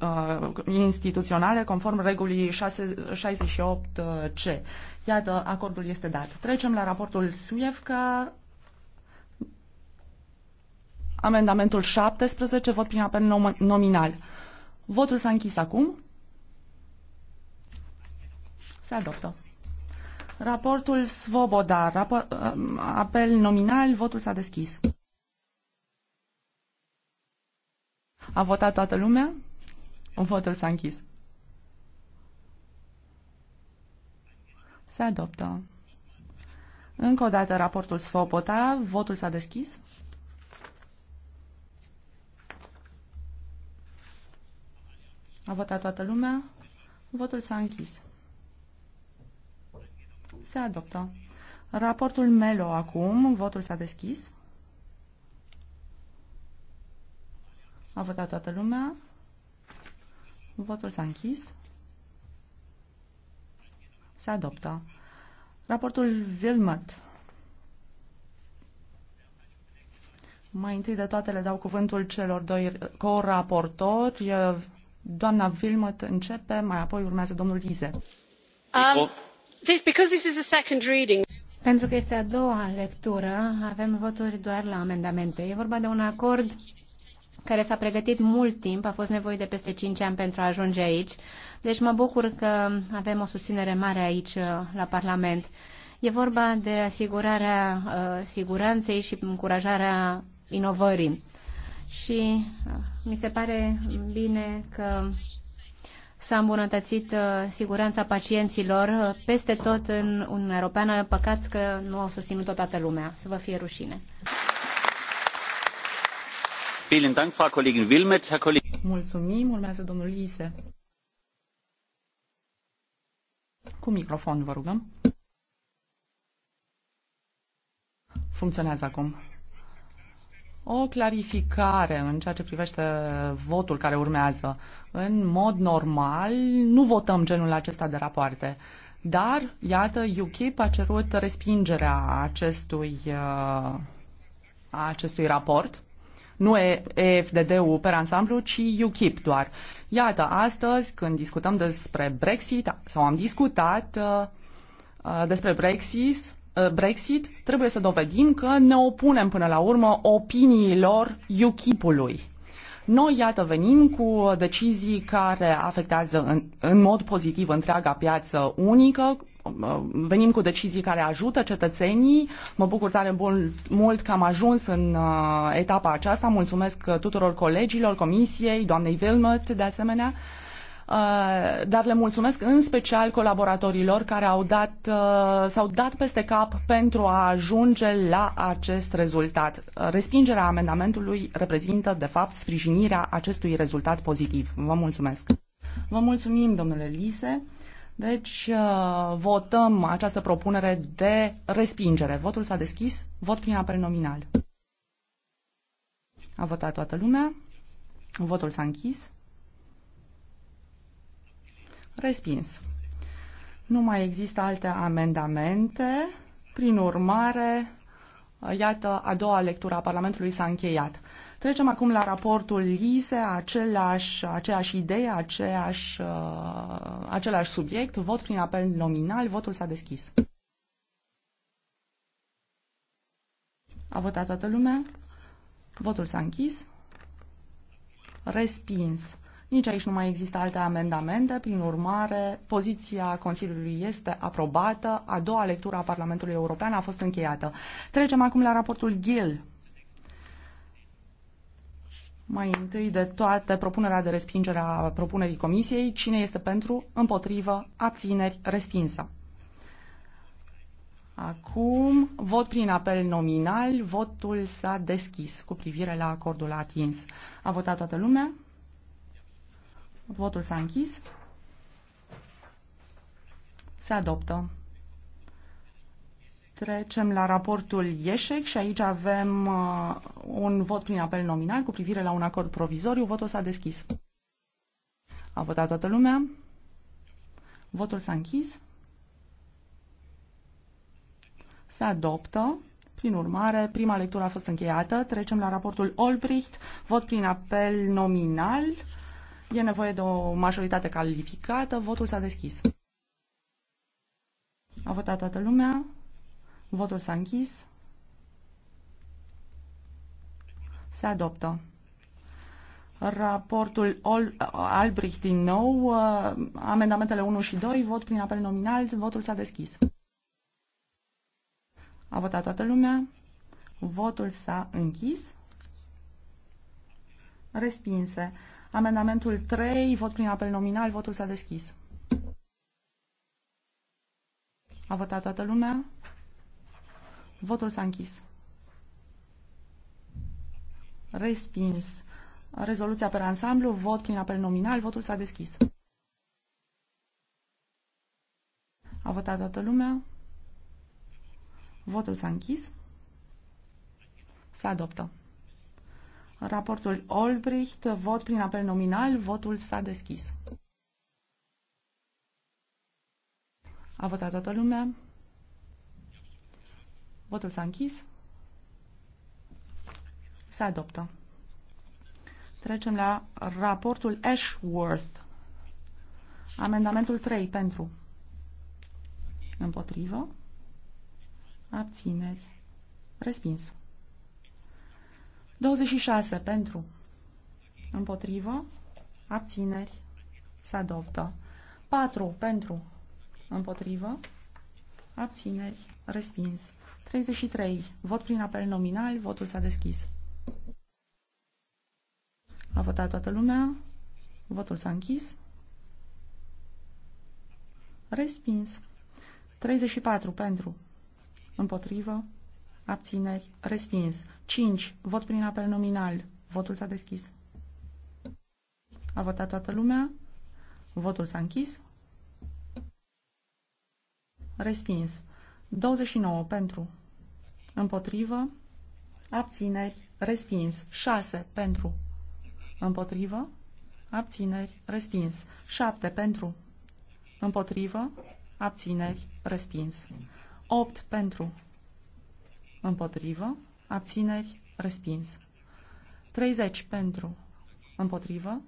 Uh, instituționale conform regulii 68C. Iată, acordul este dat. Trecem la raportul Suievca. Amendamentul 17, vot prin apel nominal. Votul s-a închis acum. Se adoptă. Raportul Svoboda, rapor, uh, apel nominal, votul s-a deschis. A votat toată lumea? Votul s-a închis. Se adoptă. Încă o dată raportul Svoboda. Votul s-a deschis. A votat toată lumea. Votul s-a închis. Se adoptă. Raportul Melo acum. Votul s-a deschis. A votat toată lumea. Votul s-a închis. Se adoptă. Raportul Vilmat. Mai întâi de toate le dau cuvântul celor doi co-raportori. Doamna Vilmat începe, mai apoi urmează domnul Lize. Um, this, because this is a second reading. Pentru că este a doua lectură, avem voturi doar la amendamente. E vorba de un acord care s-a pregătit mult timp, a fost nevoie de peste 5 ani pentru a ajunge aici. Deci mă bucur că avem o susținere mare aici uh, la Parlament. E vorba de asigurarea uh, siguranței și încurajarea inovării. Și uh, mi se pare bine că s-a îmbunătățit uh, siguranța pacienților uh, peste tot în Uniunea Europeană. Păcat că nu au susținut-o toată lumea. Să vă fie rușine. Mulțumim, urmează domnul Lise. Cu microfon, vă rugăm. Funcționează acum. O clarificare în ceea ce privește votul care urmează. În mod normal, nu votăm genul acesta de rapoarte. Dar, iată, UKIP a cerut respingerea acestui, uh, acestui raport nu EFDD-ul per ansamblu, ci UKIP doar. Iată, astăzi, când discutăm despre Brexit, sau am discutat uh, uh despre Brexit, uh, Brexit, trebuie să dovedim că ne opunem până la urmă opiniilor UKIP-ului. Noi, iată, venim cu decizii care afectează în, în mod pozitiv întreaga piață unică, venim cu decizii care ajută cetățenii. Mă bucur tare mult că am ajuns în uh, etapa aceasta. Mulțumesc tuturor colegilor, comisiei, doamnei Vilmăt, de asemenea. Uh, dar le mulțumesc în special colaboratorilor care au dat, uh, s-au dat peste cap pentru a ajunge la acest rezultat. Uh, respingerea amendamentului reprezintă, de fapt, sprijinirea acestui rezultat pozitiv. Vă mulțumesc! Vă mulțumim, domnule Lise. Deci, votăm această propunere de respingere. Votul s-a deschis, vot prin apel nominal. A votat toată lumea, votul s-a închis. Respins. Nu mai există alte amendamente. Prin urmare, iată, a doua lectură a Parlamentului s-a încheiat. Trecem acum la raportul LISE, același, aceeași idee, aceeași, uh, același subiect, vot prin apel nominal, votul s-a deschis. A votat toată lumea, votul s-a închis, respins. Nici aici nu mai există alte amendamente, prin urmare, poziția Consiliului este aprobată, a doua lectură a Parlamentului European a fost încheiată. Trecem acum la raportul GIL. Mai întâi de toate, propunerea de respingere a propunerii Comisiei. Cine este pentru, împotrivă, abțineri, respinsă. Acum, vot prin apel nominal, votul s-a deschis cu privire la acordul atins. A votat toată lumea? Votul s-a închis. Se adoptă. Trecem la raportul Ieșec și aici avem uh, un vot prin apel nominal cu privire la un acord provizoriu. Votul s-a deschis. A votat toată lumea. Votul s-a închis. Se adoptă. Prin urmare, prima lectură a fost încheiată. Trecem la raportul Olbricht. Vot prin apel nominal. E nevoie de o majoritate calificată. Votul s-a deschis. A votat toată lumea. Votul s-a închis. Se adoptă. Raportul Albrecht din nou, uh, amendamentele 1 și 2, vot prin apel nominal, votul s-a deschis. A votat toată lumea. Votul s-a închis. Respinse. Amendamentul 3, vot prin apel nominal, votul s-a deschis. A votat toată lumea? Votul s-a închis. Respins. Rezoluția pe ansamblu, vot prin apel nominal, votul s-a deschis. A votat toată lumea? Votul s-a închis. Se adoptă. Raportul Olbricht, vot prin apel nominal, votul s-a deschis. A votat toată lumea. Votul s-a închis. Se adoptă. Trecem la raportul Ashworth. Amendamentul 3 pentru. Împotrivă. Abțineri. Respins. 26 pentru. Împotrivă. Abțineri. Se adoptă. 4 pentru. Împotrivă. Abțineri. Respins. 33. Vot prin apel nominal. Votul s-a deschis. A votat toată lumea. Votul s-a închis. Respins. 34 pentru. Împotrivă abțineri, respins. 5. Vot prin apel nominal. Votul s-a deschis. A votat toată lumea. Votul s-a închis. Respins. 29 pentru. Împotrivă. Abțineri. Respins. 6 pentru. Împotrivă. Abțineri. Respins. 7 pentru. Împotrivă. Abțineri. Respins. 8 pentru împotrivă, abțineri, respins. 30 pentru, împotrivă,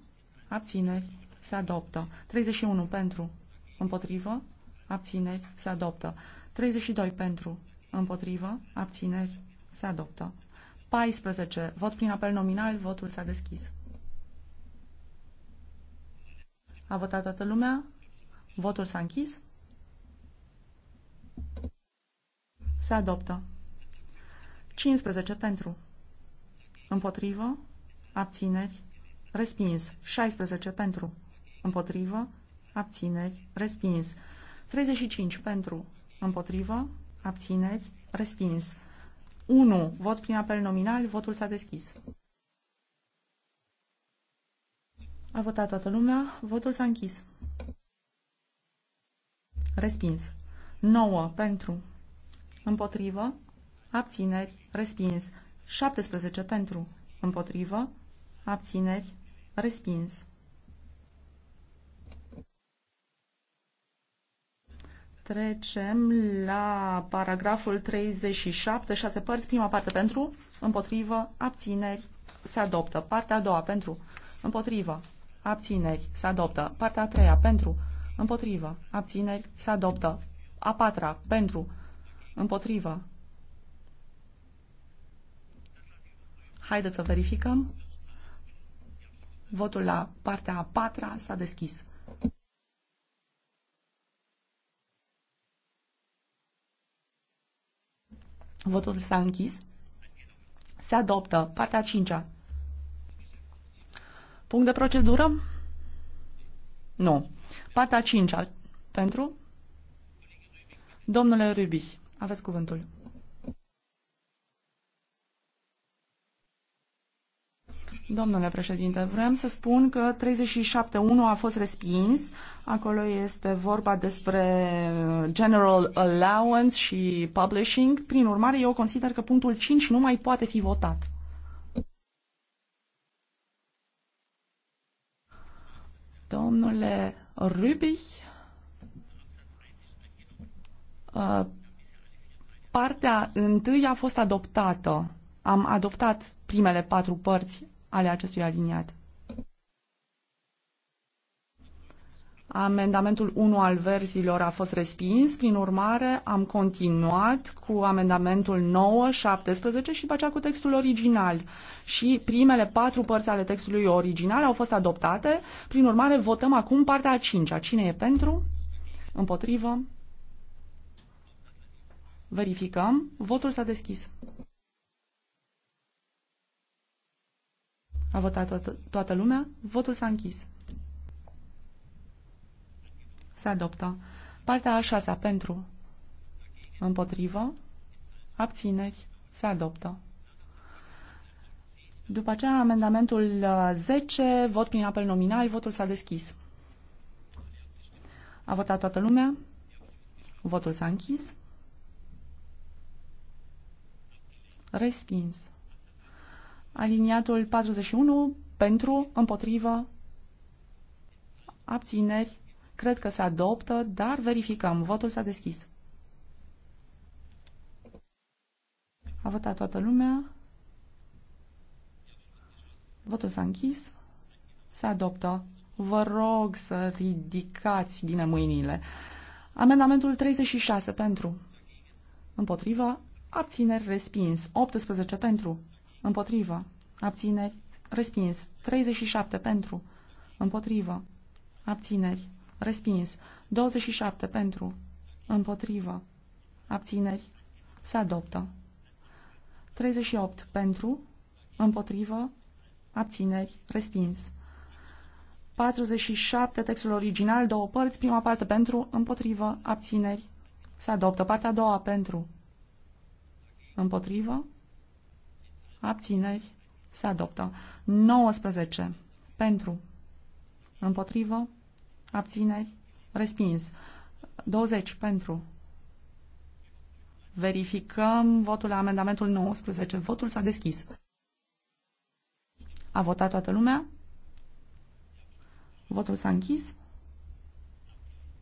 abțineri, se adoptă. 31 pentru, împotrivă, abțineri, se adoptă. 32 pentru, împotrivă, abțineri, se adoptă. 14. Vot prin apel nominal, votul s-a deschis. A votat toată lumea, votul s-a închis, se adoptă. 15 pentru. Împotrivă. Abțineri. Respins. 16 pentru. Împotrivă. Abțineri. Respins. 35 pentru. Împotrivă. Abțineri. Respins. 1. Vot prin apel nominal. Votul s-a deschis. A votat toată lumea. Votul s-a închis. Respins. 9 pentru. Împotrivă. Abțineri respins. 17 pentru, împotrivă, abțineri, respins. Trecem la paragraful 37, 6 părți, prima parte pentru, împotrivă, abțineri, se adoptă. Partea a doua pentru, împotrivă, abțineri, se adoptă. Partea a treia pentru, împotrivă, abțineri, se adoptă. A patra pentru, împotrivă, Haideți să verificăm. Votul la partea a patra s-a deschis. Votul s-a închis. Se adoptă partea a cincea. Punct de procedură? Nu. Partea a cincea. Pentru? Domnule Rubi, aveți cuvântul. Domnule președinte, vrem să spun că 37.1 a fost respins. Acolo este vorba despre General Allowance și Publishing. Prin urmare, eu consider că punctul 5 nu mai poate fi votat. Domnule Rübich, uh, partea întâi a fost adoptată. Am adoptat primele patru părți ale acestui aliniat. Amendamentul 1 al verzilor a fost respins, prin urmare am continuat cu amendamentul 9, 17 și după aceea cu textul original. Și primele patru părți ale textului original au fost adoptate, prin urmare votăm acum partea a cincea. Cine e pentru? Împotrivă? Verificăm. Votul s-a deschis. A votat toată, toată lumea. Votul s-a închis. Se adoptă. Partea a șasea pentru. Împotrivă. Abțineri. Se adoptă. După aceea, amendamentul 10, uh, vot prin apel nominal, votul s-a deschis. A votat toată lumea. Votul s-a închis. Respins. Aliniatul 41 pentru, împotrivă, abțineri. Cred că se adoptă, dar verificăm. Votul s-a deschis. A votat toată lumea. Votul s-a închis. Se adoptă. Vă rog să ridicați bine mâinile. Amendamentul 36 pentru. Împotriva. Abțineri respins. 18 pentru. Împotrivă. Abțineri. Respins. 37 pentru. Împotrivă. Abțineri. Respins. 27 pentru. Împotrivă. Abțineri. Se adoptă. 38 pentru. Împotrivă. Abțineri. Respins. 47 textul original, două părți, prima parte pentru, împotrivă, abțineri. Se adoptă partea a doua pentru, împotrivă, abțineri, se adoptă. 19 pentru, împotrivă, abțineri, respins. 20 pentru. Verificăm votul la amendamentul 19. Votul s-a deschis. A votat toată lumea? Votul s-a închis?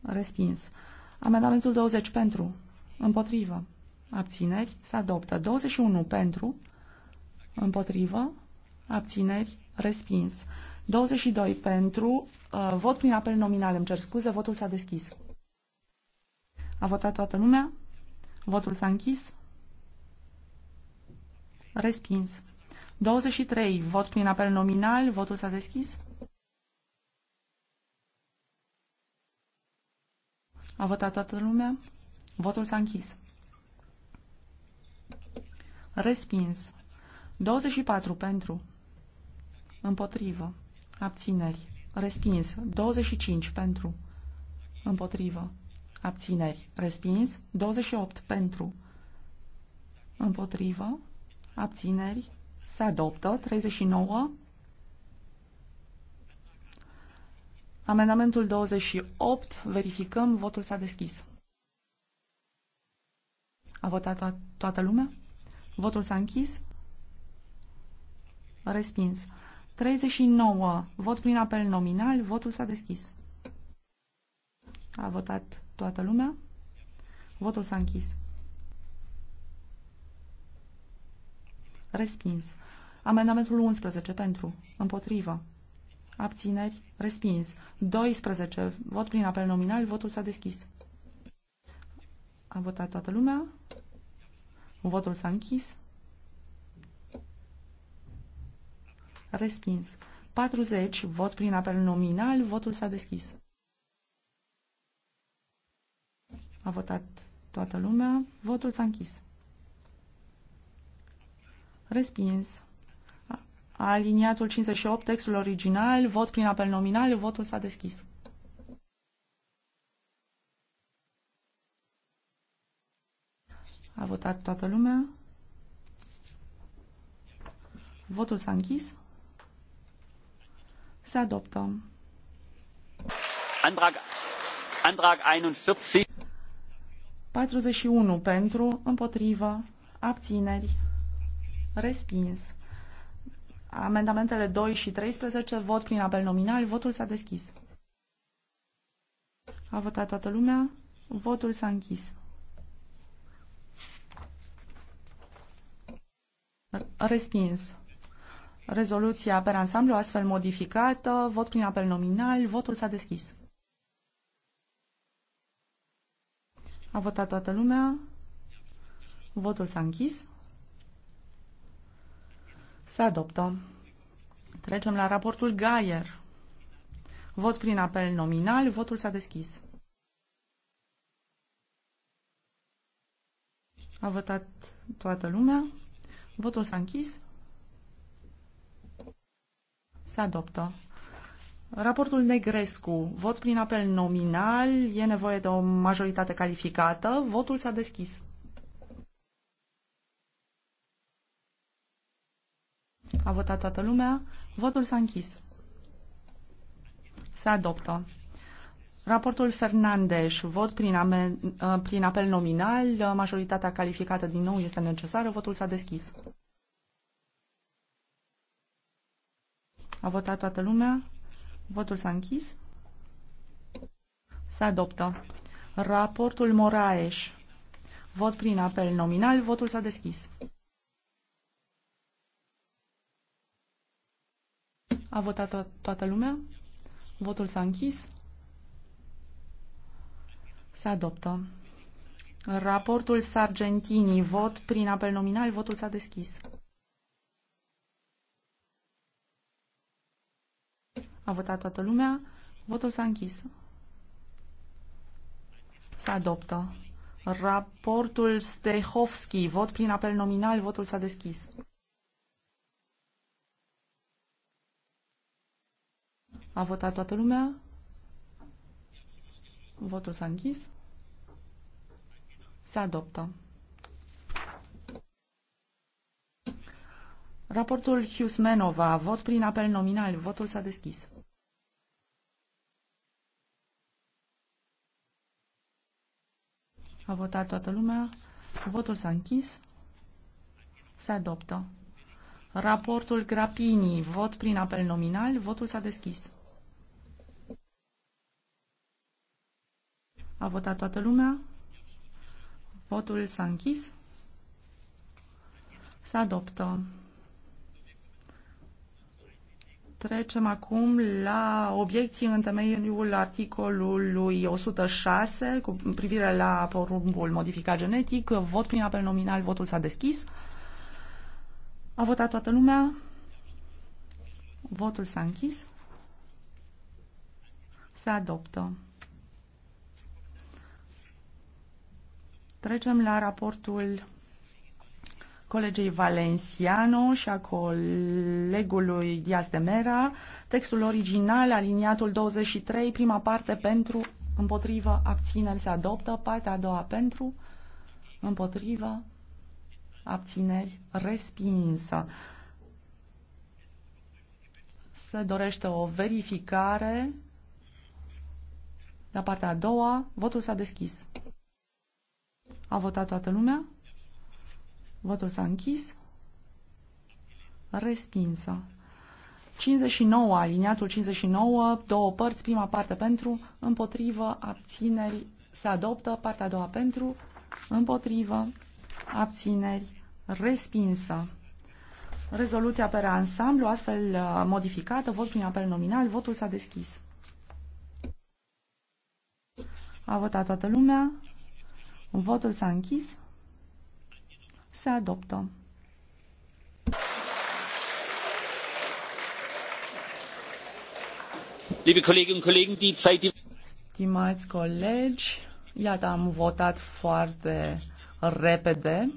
Respins. Amendamentul 20 pentru. Împotrivă. Abțineri. Se adoptă. 21 pentru. Împotrivă. Abțineri. Respins. 22 pentru. Uh, vot prin apel nominal. Îmi cer scuze. Votul s-a deschis. A votat toată lumea. Votul s-a închis. Respins. 23. Vot prin apel nominal. Votul s-a deschis. A votat toată lumea. Votul s-a închis. Respins. 24 pentru. Împotrivă. Abțineri. Respins. 25 pentru. Împotrivă. Abțineri. Respins. 28 pentru. Împotrivă. Abțineri. Se adoptă. 39. Amendamentul 28. Verificăm. Votul s-a deschis. A votat to toată lumea? Votul s-a închis. Respins. 39. Vot prin apel nominal. Votul s-a deschis. A votat toată lumea. Votul s-a închis. Respins. Amendamentul 11 pentru. Împotrivă. Abțineri. Respins. 12. Vot prin apel nominal. Votul s-a deschis. A votat toată lumea. Votul s-a închis. Respins. 40. Vot prin apel nominal. Votul s-a deschis. A votat toată lumea. Votul s-a închis. Respins. Aliniatul 58, textul original, vot prin apel nominal, votul s-a deschis. A votat toată lumea. Votul s-a închis. Se adoptă. Antrag, antrag 41. 41 pentru, împotrivă, abțineri, respins. Amendamentele 2 și 13, vot prin apel nominal, votul s-a deschis. A votat toată lumea, votul s-a închis. Respins rezoluția pe ansamblu astfel modificată, vot prin apel nominal, votul s-a deschis. A votat toată lumea, votul s-a închis, se adoptă. Trecem la raportul Gaier. Vot prin apel nominal, votul s-a deschis. A votat toată lumea, votul s-a închis, se adoptă. Raportul Negrescu. Vot prin apel nominal. E nevoie de o majoritate calificată. Votul s-a deschis. A votat toată lumea. Votul s-a închis. Se adoptă. Raportul Fernandez, vot prin, amen, prin apel nominal, majoritatea calificată din nou este necesară, votul s-a deschis. A votat toată lumea. Votul s-a închis. Se adoptă. Raportul Moraes. Vot prin apel nominal. Votul s-a deschis. A votat to toată lumea. Votul s-a închis. Se adoptă. Raportul Sargentini. Vot prin apel nominal. Votul s-a deschis. A votat toată lumea. Votul s-a închis. Se adoptă. Raportul Stehovski. Vot prin apel nominal. Votul s-a deschis. A votat toată lumea. Votul s-a închis. Se adoptă. Raportul Hughes-Menova. Vot prin apel nominal. Votul s-a deschis. A votat toată lumea. Votul s-a închis. Se adoptă. Raportul Grapini. Vot prin apel nominal. Votul s-a deschis. A votat toată lumea. Votul s-a închis. Se adoptă. Trecem acum la obiecții în temeiul articolului 106 cu privire la porumbul modificat genetic. Vot prin apel nominal, votul s-a deschis. A votat toată lumea. Votul s-a închis. Se adoptă. Trecem la raportul colegei Valenciano și a colegului Diaz de Mera, textul original, aliniatul 23, prima parte pentru, împotrivă, abțineri se adoptă, partea a doua pentru, împotrivă, abțineri respinsă. Se dorește o verificare la partea a doua, votul s-a deschis. A votat toată lumea? Votul s-a închis. Respinsă. 59, aliniatul 59, două părți, prima parte pentru, împotrivă, abțineri, se adoptă, partea a doua pentru, împotrivă, abțineri, respinsă. Rezoluția pe ansamblu, astfel uh, modificată, vot prin apel nominal, votul s-a deschis. A votat toată lumea, votul s-a închis se adoptă. Stimați colegi, iată, am votat foarte repede.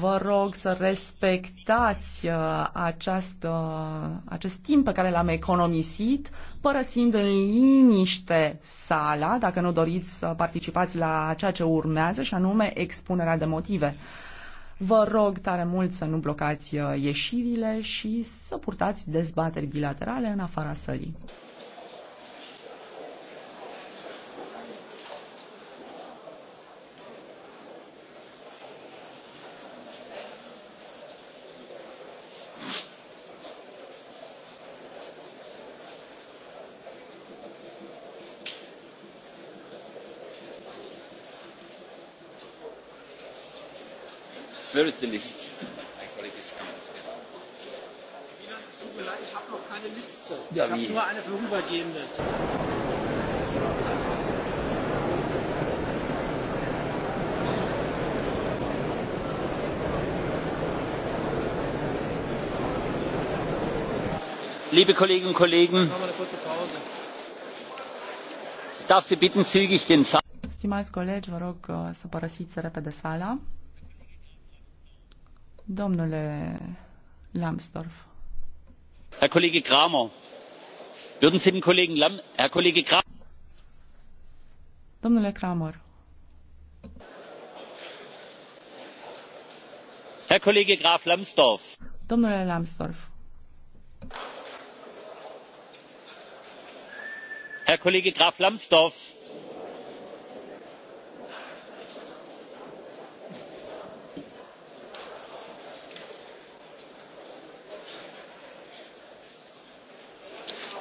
Vă rog să respectați uh, această, uh, acest timp pe care l-am economisit, părăsind în liniște sala, dacă nu doriți să participați la ceea ce urmează, și anume expunerea de motive. Vă rog tare mult să nu blocați uh, ieșirile și să purtați dezbateri bilaterale în afara sălii. where is the list? Ich habe noch keine Liste. Ja, ich habe nur eine vorübergehende. liebe kolleginnen und kollegen ich darf sie bitten zügig den saal zu verlassen. Domnule Lambsdorff. Herr Kollege Kramer, würden Sie dem Kollegen Lam Herr Kollege Kramer Domnule Kramer. Herr Kollege Graf Lambsdorff. Domnule Lambsdorff. Herr Kollege Graf Lambsdorff